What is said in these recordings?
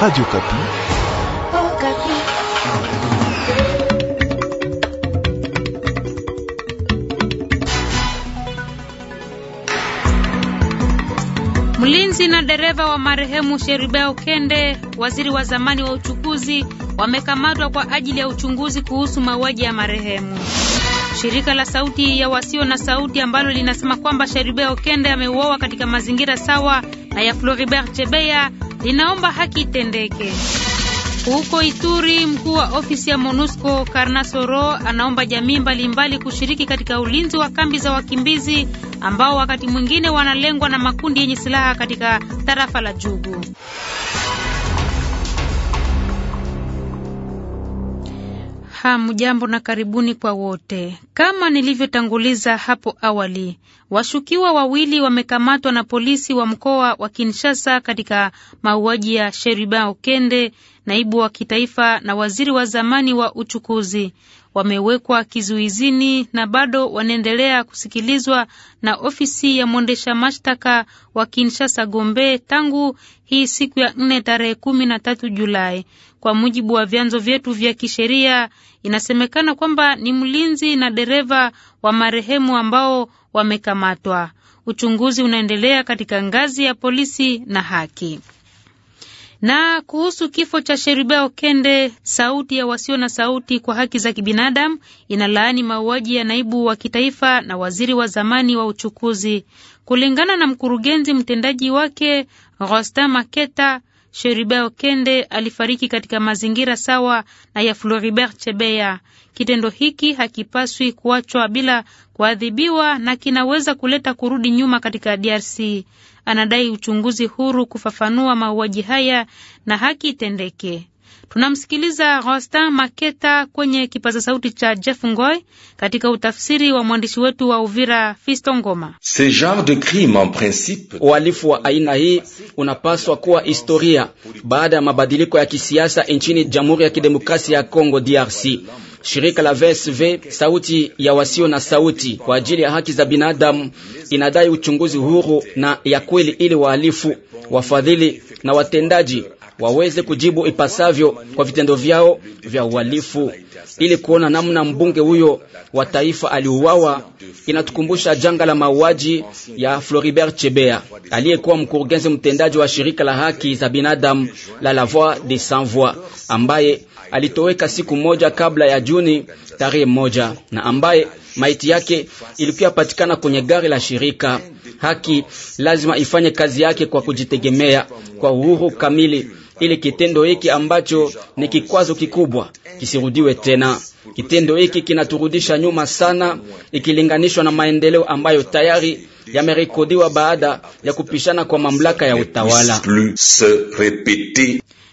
Radio Kapi. Oh, Kapi. Mlinzi na dereva wa marehemu Sherubea Okende, waziri wa zamani wa uchukuzi, wamekamatwa kwa ajili ya uchunguzi kuhusu mauaji ya marehemu. Shirika la Sauti ya Wasio na Sauti ambalo linasema kwamba Sherubea Okende ameuawa katika mazingira sawa na ya Floribert Chebeya linaomba haki itendeke. Huko Ituri, mkuu wa ofisi ya MONUSCO Karnasoro anaomba jamii mbalimbali kushiriki katika ulinzi wa kambi za wakimbizi ambao wakati mwingine wanalengwa na makundi yenye silaha katika tarafa la Jugu. Hamjambo na karibuni kwa wote. Kama nilivyotanguliza hapo awali, washukiwa wawili wamekamatwa na polisi wa mkoa wa Kinshasa katika mauaji ya Sheriban Okende, naibu wa kitaifa na waziri wa zamani wa uchukuzi wamewekwa kizuizini na bado wanaendelea kusikilizwa na ofisi ya mwendesha mashtaka wa Kinshasa Gombe tangu hii siku ya nne tarehe kumi na tatu Julai. Kwa mujibu wa vyanzo vyetu vya kisheria, inasemekana kwamba ni mlinzi na dereva wa marehemu ambao wamekamatwa. Uchunguzi unaendelea katika ngazi ya polisi na haki. Na kuhusu kifo cha Sheribeo Kende, sauti ya wasio na sauti kwa haki za kibinadamu inalaani mauaji ya naibu wa kitaifa na waziri wa zamani wa uchukuzi. Kulingana na mkurugenzi mtendaji wake rostin Maketa, Sheribeo Kende alifariki katika mazingira sawa na ya Floribert Chebeya. Kitendo hiki hakipaswi kuachwa bila kuadhibiwa na kinaweza kuleta kurudi nyuma katika DRC anadai uchunguzi huru kufafanua mauaji haya na haki itendeke. Tunamsikiliza Rosta Maketa kwenye kipaza sauti cha Jeff ngoy katika utafsiri wa mwandishi wetu wa Uvira Fisto Ngoma. Uhalifu wa aina hii unapaswa kuwa historia baada ya mabadiliko ya kisiasa nchini Jamhuri ya Kidemokrasia ya Kongo DRC. Shirika la VSV sauti ya wasio na sauti kwa ajili ya haki za binadamu inadai uchunguzi huru na ya kweli ili wahalifu, wafadhili na watendaji waweze kujibu ipasavyo kwa vitendo vyao vya uhalifu, ili kuona namna mbunge huyo wa taifa aliuawa. Inatukumbusha janga la mauaji ya Floribert Chebea aliyekuwa mkurugenzi mtendaji wa shirika la haki za binadamu la La Voix des Sans Voix ambaye alitoweka siku moja kabla ya Juni tarehe moja na ambaye maiti yake ilikuwa patikana kwenye gari la shirika. Haki lazima ifanye kazi yake kwa kujitegemea, kwa uhuru kamili ili kitendo hiki ambacho ni kikwazo kikubwa kisirudiwe tena. Kitendo hiki kinaturudisha nyuma sana ikilinganishwa na maendeleo ambayo tayari yamerekodiwa baada ya kupishana kwa mamlaka ya utawala.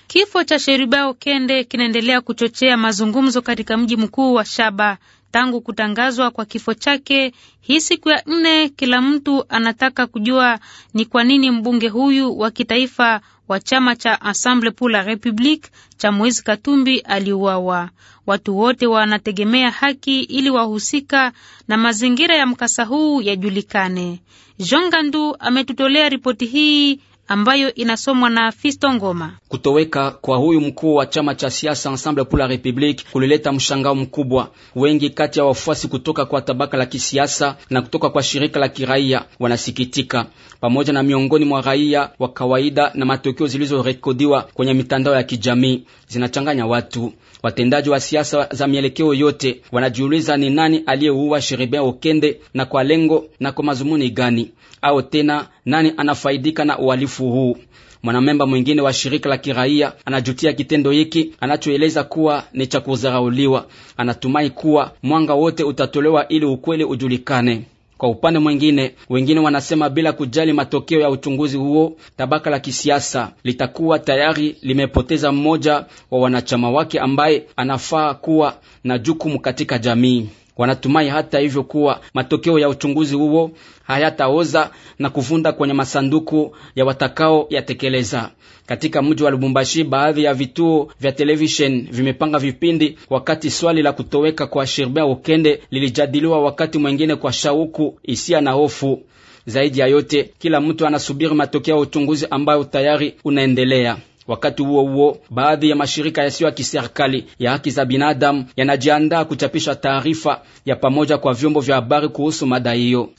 Kifo cha Sheribao Kende kinaendelea kuchochea mazungumzo katika mji mkuu wa Shaba. Tangu kutangazwa kwa kifo chake hii siku ya nne, kila mtu anataka kujua ni kwa nini mbunge huyu wa kitaifa wa chama cha Ensemble pour la Republique cha Moise Katumbi aliuawa. Watu wote wanategemea haki ili wahusika na mazingira ya mkasa huu yajulikane. Jean Gandu ametutolea ripoti hii ambayo inasomwa na Fisto Ngoma. Kutoweka kwa huyu mkuu wa chama cha siasa Ensemble pour la République kulileta mshangao mkubwa. Wengi kati ya wafuasi kutoka kwa tabaka la kisiasa na kutoka kwa shirika la kiraia wanasikitika, pamoja na miongoni mwa raia wa kawaida, na matokeo zilizorekodiwa kwenye mitandao ya kijamii zinachanganya watu. Watendaji wa siasa za mielekeo yote wanajiuliza ni nani aliyeuua Sherebin Okende na kwa lengo na kwa mazumuni gani, au tena nani anafaidika na uhalifu huu? Mwanamemba mwingine wa shirika la kiraia anajutia kitendo hiki anachoeleza kuwa ni cha kudharauliwa. Anatumai kuwa mwanga wote utatolewa ili ukweli ujulikane. Kwa upande mwingine, wengine wanasema bila kujali matokeo ya uchunguzi huo, tabaka la kisiasa litakuwa tayari limepoteza mmoja wa wanachama wake ambaye anafaa kuwa na jukumu katika jamii. Wanatumai hata hivyo kuwa matokeo ya uchunguzi huo hayataoza na kuvunda kwenye masanduku ya watakao yatekeleza. Katika mji wa Lubumbashi, baadhi ya vituo vya televishen vimepanga vipindi, wakati swali la kutoweka kwa Sherbea Okende lilijadiliwa, wakati mwengine kwa shauku isiya na hofu. Zaidi ya yote, kila mtu anasubiri matokeo ya uchunguzi ambayo tayari unaendelea. Wakati huo huo, baadhi ya mashirika yasiyo ya kiserikali ya haki za binadamu yanajiandaa kuchapisha taarifa ya pamoja kwa vyombo vya habari kuhusu mada hiyo.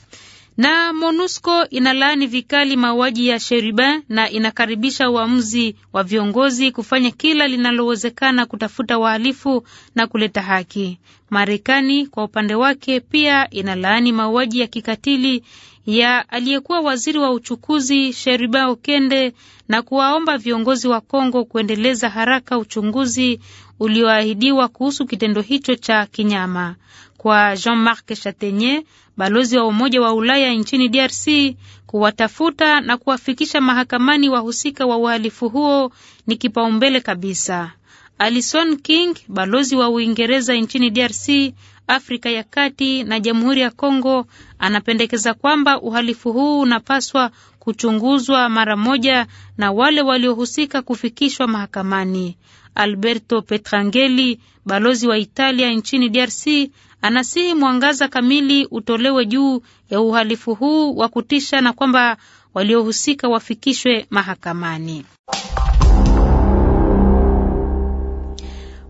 Na MONUSCO inalaani vikali mauaji ya Sheriban na inakaribisha uamuzi wa viongozi kufanya kila linalowezekana kutafuta wahalifu na kuleta haki. Marekani kwa upande wake pia inalaani mauaji ya kikatili ya aliyekuwa waziri wa uchukuzi Sheriba Okende na kuwaomba viongozi wa Kongo kuendeleza haraka uchunguzi ulioahidiwa kuhusu kitendo hicho cha kinyama. Kwa Jean-Marc Chatenye, balozi wa Umoja wa Ulaya nchini DRC, kuwatafuta na kuwafikisha mahakamani wahusika wa uhalifu huo ni kipaumbele kabisa. Alison King, balozi wa Uingereza nchini DRC, Afrika ya Kati na Jamhuri ya Kongo anapendekeza kwamba uhalifu huu unapaswa kuchunguzwa mara moja na wale waliohusika kufikishwa mahakamani. Alberto Petrangeli, balozi wa Italia nchini DRC, anasihi mwangaza kamili utolewe juu ya uhalifu huu wa kutisha na kwamba waliohusika wafikishwe mahakamani.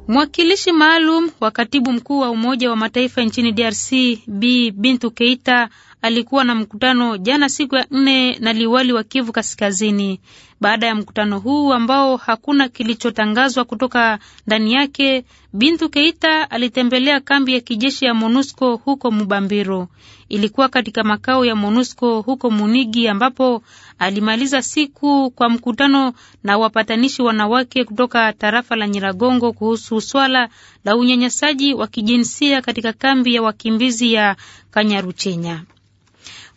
Mwakilishi maalum wa katibu mkuu wa Umoja wa Mataifa nchini DRC Bi Bintu Keita alikuwa na mkutano jana siku ya nne na liwali wa Kivu Kaskazini. Baada ya mkutano huu ambao hakuna kilichotangazwa kutoka ndani yake, Bintu Keita alitembelea kambi ya kijeshi ya MONUSCO huko Mubambiro. Ilikuwa katika makao ya MONUSCO huko Munigi, ambapo alimaliza siku kwa mkutano na wapatanishi wanawake kutoka tarafa la Nyiragongo kuhusu swala la unyanyasaji wa kijinsia katika kambi ya wakimbizi ya Kanyaruchenya.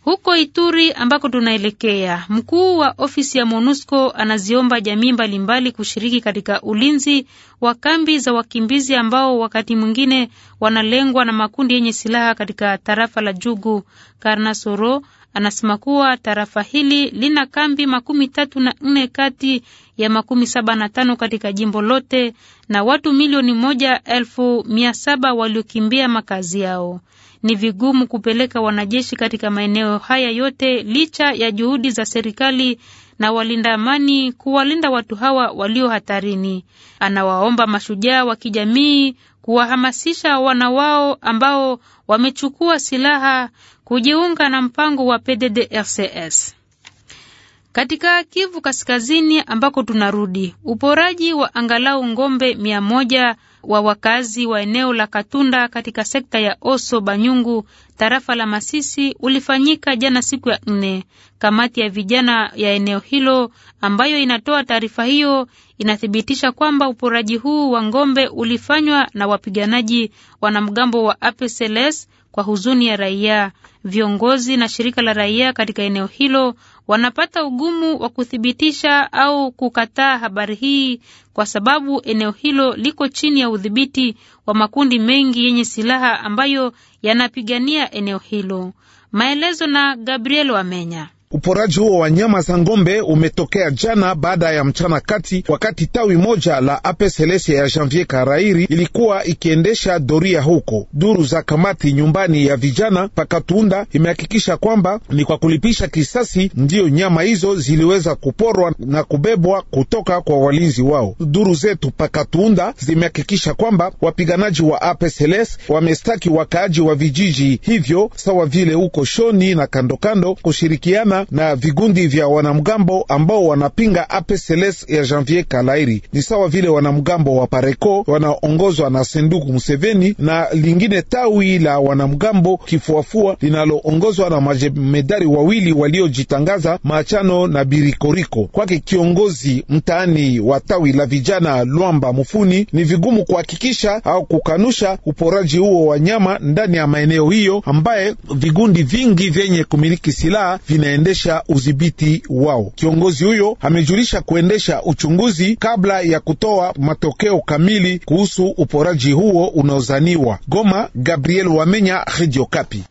Huko Ituri ambako tunaelekea, mkuu wa ofisi ya MONUSCO anaziomba jamii mbalimbali kushiriki katika ulinzi wa kambi za wakimbizi ambao wakati mwingine wanalengwa na makundi yenye silaha katika tarafa la Jugu. Karnasoro anasema kuwa tarafa hili lina kambi makumi tatu na nne kati ya makumi saba na tano katika jimbo lote na watu milioni moja elfu mia saba waliokimbia makazi yao ni vigumu kupeleka wanajeshi katika maeneo haya yote licha ya juhudi za serikali na walinda amani kuwalinda watu hawa walio hatarini. Anawaomba mashujaa wa kijamii kuwahamasisha wana wao ambao wamechukua silaha kujiunga na mpango wa PDDRCS. Katika Kivu Kaskazini ambako tunarudi, uporaji wa angalau ngombe mia moja wa wakazi wa eneo la Katunda katika sekta ya Oso Banyungu, tarafa la Masisi ulifanyika jana siku ya nne. Kamati ya vijana ya eneo hilo ambayo inatoa taarifa hiyo inathibitisha kwamba uporaji huu wa ngombe ulifanywa na wapiganaji wanamgambo wa APCLS kwa huzuni ya raia, viongozi na shirika la raia katika eneo hilo wanapata ugumu wa kuthibitisha au kukataa habari hii kwa sababu eneo hilo liko chini ya udhibiti wa makundi mengi yenye silaha ambayo yanapigania eneo hilo. Maelezo na Gabriel Wamenya. Uporaji huo wa nyama za ngombe umetokea jana baada ya mchana kati, wakati tawi moja la apsls ya Janvier Karairi ilikuwa ikiendesha doria huko. Duru za kamati nyumbani ya vijana Pakatunda imehakikisha kwamba ni kwa kulipisha kisasi ndiyo nyama hizo ziliweza kuporwa na kubebwa kutoka kwa walinzi wao. Duru zetu Pakatunda zimehakikisha kwamba wapiganaji wa apsls wamestaki wakaaji wa vijiji hivyo sawa vile huko Shoni na kandokando kushirikiana kupambana na vigundi vya wanamgambo ambao wanapinga APCLS ya Janvier Kalairi, ni sawa vile wanamgambo wa pareko wanaongozwa na Senduku Museveni na lingine tawi la wanamgambo kifuafua linaloongozwa na majemedari wawili waliojitangaza Machano na Birikoriko. Kwake kiongozi mtaani wa tawi la vijana Lwamba Mufuni, ni vigumu kuhakikisha au kukanusha uporaji huo wa nyama ndani ya maeneo hiyo ambaye vigundi vingi vyenye kumiliki silaha vinaendesha kuendesha udhibiti wao. Kiongozi huyo amejulisha kuendesha uchunguzi kabla ya kutoa matokeo kamili kuhusu uporaji huo unaozaniwa. Goma, Gabriel Wamenya, Radio Kapi.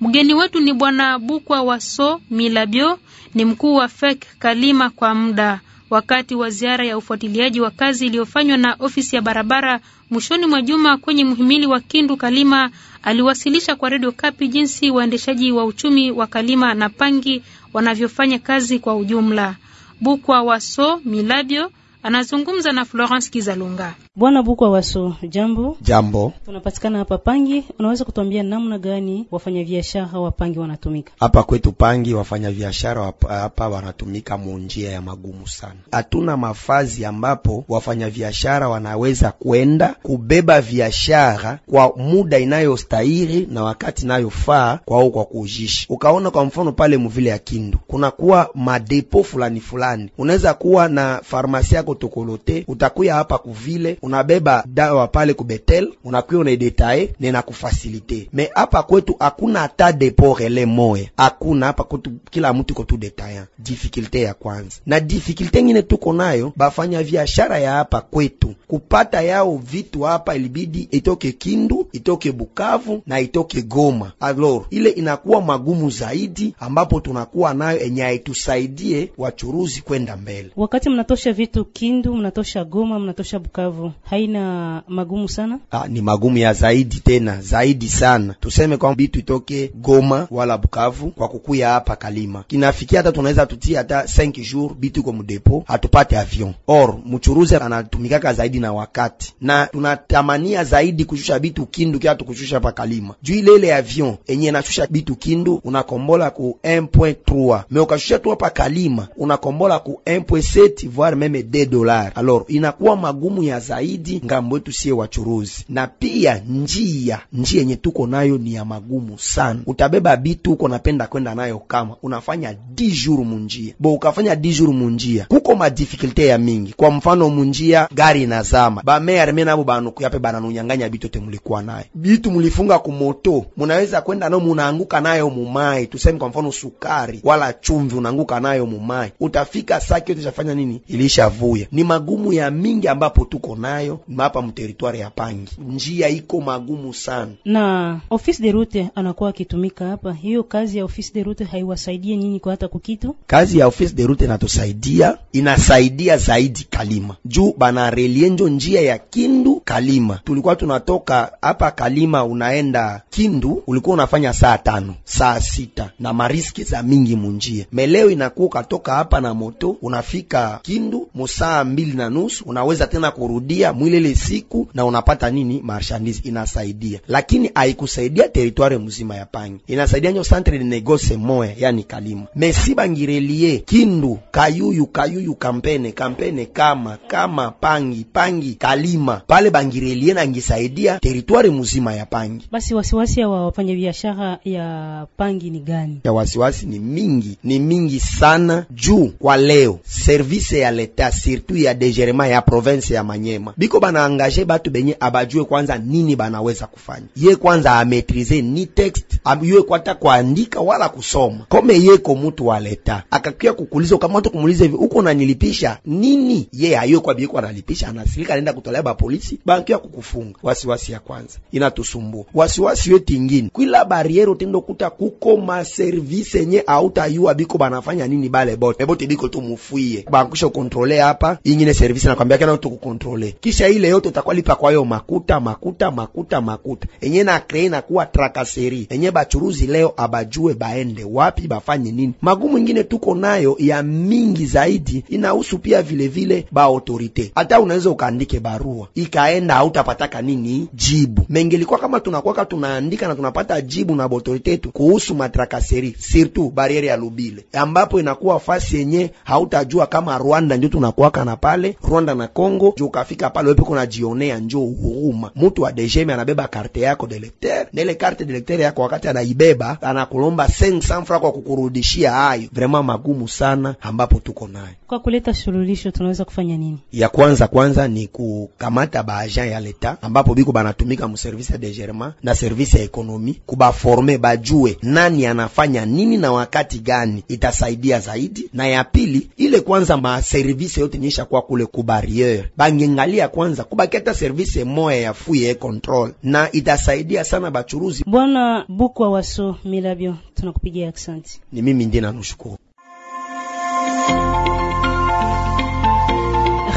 Mgeni wetu ni Bwana Bukwa Waso Milabio, ni mkuu wa FEK Kalima kwa muda wakati wa ziara ya ufuatiliaji wa kazi iliyofanywa na ofisi ya barabara mwishoni mwa juma kwenye mhimili wa Kindu Kalima, aliwasilisha kwa redio Kapi jinsi waendeshaji wa uchumi wa Kalima na Pangi wanavyofanya kazi kwa ujumla. Bukwa Waso Milabyo Anazungumza na Florence Kizalunga. Bwana Bukwa Waso, jambo. Jambo. Tunapatikana hapa Pangi, unaweza kutuambia namna gani wafanyabiashara wa Pangi wanatumika? Hapa kwetu Pangi wafanyabiashara hapa wanatumika munjia ya magumu sana. Hatuna mafazi ambapo wafanyabiashara wanaweza kwenda kubeba biashara kwa muda inayostahili na wakati inayofaa kwao kwa kujishi. Ukaona kwa mfano pale muvile ya Kindu, kunakuwa madepo fulani fulani. Unaweza kuwa na farmasi yako tokolo te. Utakuya hapa kuvile, unabeba dawa pale ku Betel, unakuya unaidetaye na kufasilite Me hapa kwetu hakuna hata depo rele moya, hakuna hapa kwetu, kila mtu kotu detaya. Difficulty ya kwanza na difficulty ngine tuko nayo, bafanya biashara ya hapa kwetu kupata yao vitu hapa, ilibidi itoke Kindu, itoke Bukavu na itoke Goma. Alor ile inakuwa magumu zaidi, ambapo tunakuwa nayo enye haitusaidie wachuruzi kwenda mbele wakati mnatosha vitu ki Kindu, mnatosha Goma, mnatosha Bukavu, haina magumu sana? Ah, ni magumu ya zaidi tena zaidi sana. Tuseme kwamba bitu itoke Goma wala Bukavu kwa kukuya hapa Kalima, kinafikia hata tunaweza tutie hata 5 jours bitu iko mudepo, hatupate avion or mchuruzi anatumikaka zaidi na wakati, na tunatamania zaidi kushusha bitu Kindu kia tukushusha hapa Kalima, juu ile ile avion enye nashusha bitu Kindu unakombola ku 1.3 me ukashusha tu hapa Kalima unakombola ku 1.7 voire meme 2 dolari, alors inakuwa magumu ya zaidi ngambo yetu siye wachuruzi, na pia njia njia yenye tuko nayo ni ya magumu sana. Utabeba bitu uko napenda kwenda nayo kama unafanya dijuru munjia bo, ukafanya dijuru munjia kuko madifikulte ya mingi. Kwa mfano munjia gari inazama, bamearme nabo banukuyape bananunyanganya bitu te mulikuwa nayo bitu mulifunga kumoto, munaweza kwenda nayo munaanguka nayo mumai, tuseme kwa mfano sukari wala chumvi, unaanguka nayo mumai, utafika saki yote ishafanya nini, ilishavu kuya. Ni magumu ya mingi ambapo tuko nayo hapa mteritwari ya Pangi, njia iko magumu sana, na office de route anakuwa akitumika hapa. Hiyo kazi ya office de route haiwasaidie nyinyi kwa hata kukitu? Kazi ya office de route inatusaidia, inasaidia zaidi Kalima juu banarelienjo njia ya Kindu Kalima. Tulikuwa tunatoka hapa Kalima unaenda Kindu, ulikuwa unafanya saa tano saa sita na mariski za mingi munjia meleo, inakuwa ukatoka hapa na moto unafika Kindu musa saa mbili na nusu unaweza tena kurudia mwilele ile siku, na unapata nini? Marchandise inasaidia, lakini haikusaidia teritware mzima ya Pangi, inasaidia nyo centre de negoce moya, yani Kalima, mesi bangirelie Kindu, Kayuyu, Kayuyu, Kampene, Kampene, kama kama Pangi, Pangi, Kalima pale Bangirelie na ngisaidia teritware mzima ya Pangi. Basi wasiwasi ya wafanyabiashara ya Pangi ni gani? Ya wasiwasi ni mingi, ni mingi sana juu kwa leo service ya leta si virtu ya degerema ya province ya Manyema, biko banaangaje batu benye abajue kwanza nini banaweza kufanya. Ye kwanza ametrize ni text ayue kwata kuandika wala kusoma, kome yeko mutu wa leta akakia kukuliza, ukamata kumuliza hivi uko nanilipisha nini? Ye ayue kwa bieko analipisha, anasirika anaenda kutolea ba polisi, bankia kukufunga. Wasiwasi ya kwanza inatusumbua, wasiwasi wetu ingine kwila bariere utendo kuta kuko ma service yenye autayua biko banafanya nini, bale bote ebote biko tu mufwie bankisha kontrole hapa hapa, ingine service nakwambia kana tukukontrole. Kisha ile yote utakwalipa kwa hiyo makuta makuta makuta makuta enye na krei na kuwa trakaseri enye bachuruzi leo abajue baende wapi bafanye nini. Magumu ingine tuko nayo ya mingi zaidi inahusu pia vile vile ba autorite. Hata unaweza ukaandike barua ikaenda hautapataka nini jibu. Mengelikuwa kama tunakwaka tunaandika na tunapata jibu na autorite yetu kuhusu matrakaseri, surtout bariere ya Lubile ambapo inakuwa fasi yenye hautajua kama Rwanda ndio tunakuwa kutoka na pale Rwanda na Congo, njo ukafika pale wewe peko najionea, njo uhuruma. Mtu wa DGM anabeba karte yako delekter na ile karte delecteur yako wakati anaibeba anakulomba 500 francs kwa kukurudishia. Hayo vraiment magumu sana ambapo tuko nayo. Kwa kuleta suluhisho tunaweza kufanya nini? Ya kwanza kwanza ni kukamata baagent ya leta ambapo biko banatumika mu service ya degerma na service ya ekonomi, kubaforme bajue nani anafanya nini na wakati gani, itasaidia zaidi. Na ya pili ile kwanza ma service yote kuonyesha kwa kule kubariere bangengalia kwanza kubaki hata service moya ya fuye control, na itasaidia sana bachuruzi. Bwana Bukwa Waso Milabio, tunakupigia asante. Ni mimi ndina nushukuru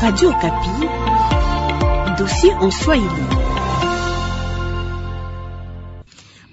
Radio Kapi, dossier en Swahili.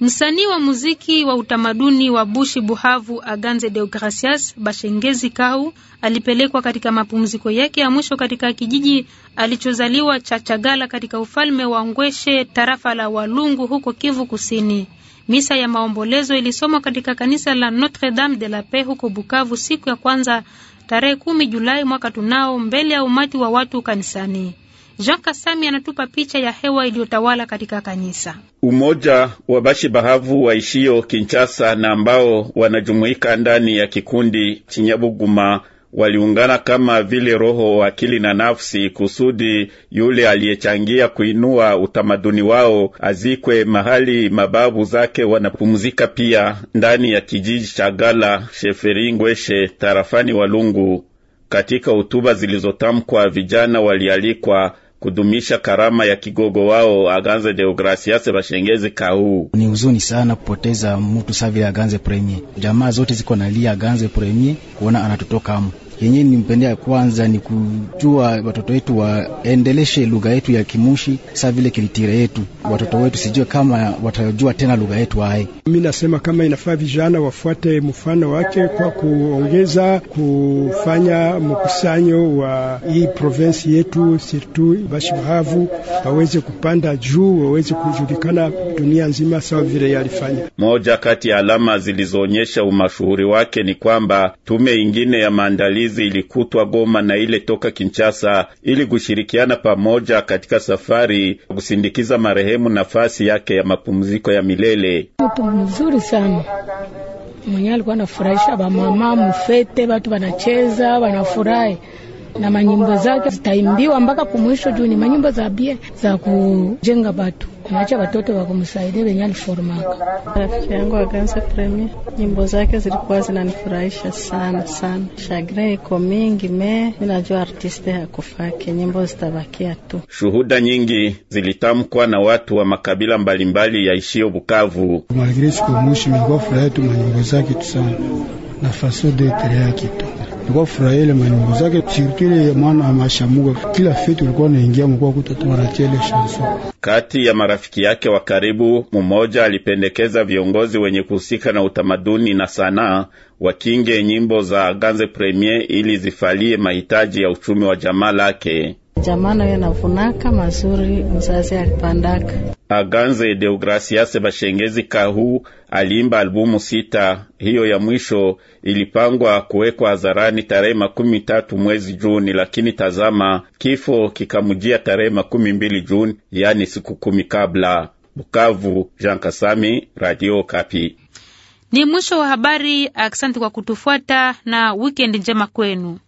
Msanii wa muziki wa utamaduni wa Bushi Buhavu Aganze Deogracias Bashengezi Kau alipelekwa katika mapumziko yake ya mwisho katika kijiji alichozaliwa cha Chagala katika ufalme wa Ngweshe tarafa la Walungu huko Kivu Kusini. Misa ya maombolezo ilisomwa katika kanisa la Notre Dame de la Paix huko Bukavu siku ya kwanza tarehe kumi Julai mwaka tunao mbele ya umati wa watu kanisani. Jean Kasami anatupa picha ya hewa iliyotawala katika kanisa. Umoja wa bashi bahavu waishio Kinshasa na ambao wanajumuika ndani ya kikundi Chinyabuguma waliungana kama vile roho, akili na nafsi, kusudi yule aliyechangia kuinua utamaduni wao azikwe mahali mababu zake wanapumzika, pia ndani ya kijiji cha Gala Sheferingweshe tarafani Walungu. Katika hotuba zilizotamkwa, vijana walialikwa kudumisha karama ya kigogo wao Aganze Deogracias Bashengezi Kahuu. Ni huzuni sana kupoteza mtu savile Aganze Premier. Jamaa zote ziko nalia Aganze Premier kuona amu yenyewe nimpendea kwanza ni kujua watoto wetu waendeleshe lugha yetu ya Kimushi saa vile kilitire yetu, watoto wetu sijue kama watajua tena lugha yetu hai. Mimi nasema kama inafaa vijana wafuate mfano wake kwa kuongeza kufanya mkusanyo wa hii provensi yetu, sirtu bashibahavu waweze kupanda juu, waweze kujulikana dunia nzima sawa vile yalifanya. Moja kati ya alama zilizoonyesha umashuhuri wake ni kwamba tume ingine ya maandalizi hizi ilikutwa Goma na ile toka Kinshasa ili kushirikiana pamoja katika safari kusindikiza marehemu nafasi yake ya mapumziko ya milele. Mtu mzuri sana mwenye alikuwa anafurahisha bamama mufete, watu wanacheza wanafurahi na manyimbo zake zitaimbiwa mpaka kumwisho, juu ni manyimbo za bie za kujenga batu kuacha watoto wakumsaidia wenye alifurumaka. Rafiki yangu Aganza Premier, nyimbo zake zilikuwa zinanifurahisha sana sana. Shagrin iko mingi me minajua artiste hakufake, nyimbo zitabakia tu. Shuhuda nyingi zilitamkwa na watu wa makabila mbalimbali yaishio Bukavu. Malgré ce que moi je me tu nyimbo zake tu sana na faso d'être yake tu nilikuwa furahia ile manyimbo zake sirtu ile ya mwana amashamuka kila fetu ulikuwa naingia mkuwa kutatu wanatia ile shanson. Kati ya marafiki yake wa karibu, mmoja alipendekeza viongozi wenye kuhusika na utamaduni na sanaa wakinge nyimbo za Ganze Premier ili zifalie mahitaji ya uchumi wa jamaa lake jamana yo navunaka mazuri mzazi alipandaka. Aganze Deogracias Bashengezi Kahu aliimba albumu sita. Hiyo ya mwisho ilipangwa kuwekwa hadharani tarehe makumi tatu mwezi Juni, lakini tazama, kifo kikamujia tarehe makumi mbili Juni, yaani siku kumi kabla. Bukavu, Jean Kasami, Radio Kapi. Ni mwisho wa habari. Asante kwa kutufuata na wikendi njema kwenu.